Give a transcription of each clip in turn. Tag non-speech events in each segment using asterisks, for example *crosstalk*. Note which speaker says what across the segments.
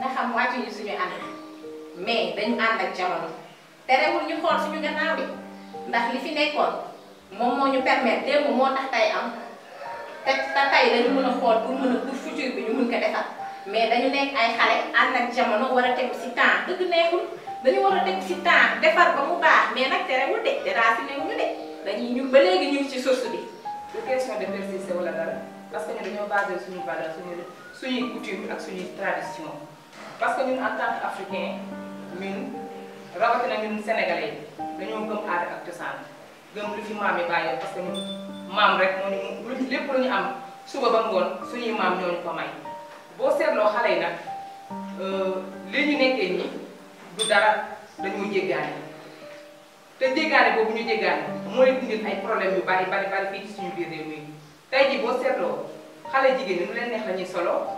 Speaker 1: na xam wàccuñu suñu ànd mais dañu ànd ak jamono terewul ñu xool suñu gannaaw bi ndax li fi nekkoon moom moo ñu permettre démb moo tax tey am te te tey dañu mën a xool pour mën a pour futur bi ñu mën ko defar mais dañu nekk ay xale ànd ak jamono war a teg ci temps dëgg neexul dañu war a teg ci temps defar ba mu baax mais nag terewul de
Speaker 2: déraciné wu ñu de dañuy ñun ba léegi ñu ngi ci source bi. du question de persister wala dara parce que dañoo basé suñu valeur suñu suñuy ak suñuy tradition. parce que ñun en tant qu'africain rawatina ñun sénégalais yi dañoo gëm aada ak cosaan gëm lu fi maam yi bàyyi parce que ñun maam rek moo ñu lépp lu ñu am suba ba ngoon suñuy maam ñoo ñu ko may. boo seetloo xale yi nag euh, li ñu nekkee nii du dara dañoo jéggaani te jéggaani boobu ñu jéggaani mooy dindil ay problème yu bari bari bari fii ci suñu biir réew mi tey jii boo seetloo xale jigéen ñi mu leen neex la ñuy solo.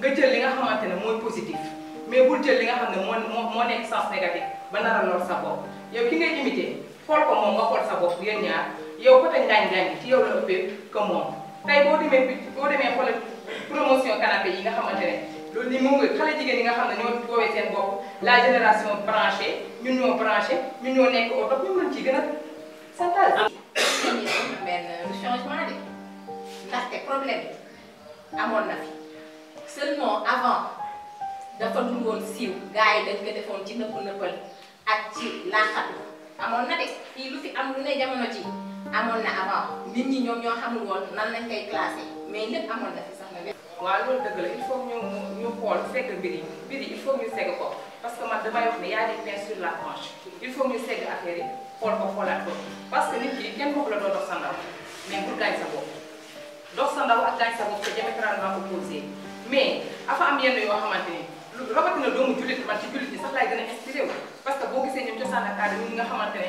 Speaker 2: nga jël li nga xamante ne mooy positif mais bul jël li nga xam ne moo moo nekk sens négatif ba nar a lor sa bopp yow ki ngay imité xool ko moom nga xool sa bopp yéen ñaar yow côté ngaañ-ngaañ bi ci yow la ëppee que moom tey boo demee bi boo demee xoolal promotion canapé yi nga xamante ne loolu ni moom nga xale jigéen nga xam ne ñoo woowee seen bopp la génération branchée ñun ñoo branché ñun ñoo nekk au top ñu mën gën a
Speaker 1: santal *coughs* benn changement de ndaxte problème amoon na seulement avant dafa dul woon siiw gars yi dañ ko defoon ci nëpp nëppal ak ci laaxatu amoon na de fii lu fi am lu ne jamono ci amoon na avant nit ñi ñoom ñoo xamul woon nan lañ koy classé mais lépp amoon na
Speaker 2: fi sax na. waaw loolu dëgg la il faut ñu ñu xool segg mbir yi mbir yi il faut ñu segg ko parce que man damay wax ne y a des pains sur la planche il faut ñu segg affaire yi xool ko xoolaat ko parce que nit ki kenn ko la doon dox sa ndaw mais pour gaañ sa bopp dox sa ndaw ak gaañ sa bopp te diamétralement opposé. mais afa am yenn yoo xamante ni lu na doomu jullit man ci jullit yi sax laay gën a inspiré parce que boo gisee ñoom cosaan ak aada ñi nga xamante ne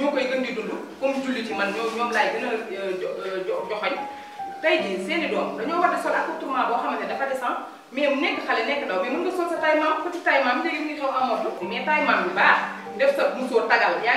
Speaker 2: ñoo koy gën di dund comme jullit yi man ñoom laay gën a euh, euh, joxoñ tey jii seen i doom dañoo war a sol accoutrement boo xamante ne dafa descend mais nekk xale nekk ndaw mais mën nga sol sa taille maam petit taille maam léegi mu ngi xew amatu mais taille maam bi baax def sa musóor tagal yaa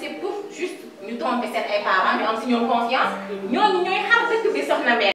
Speaker 2: c'est pour juste nous tromper nous ay nous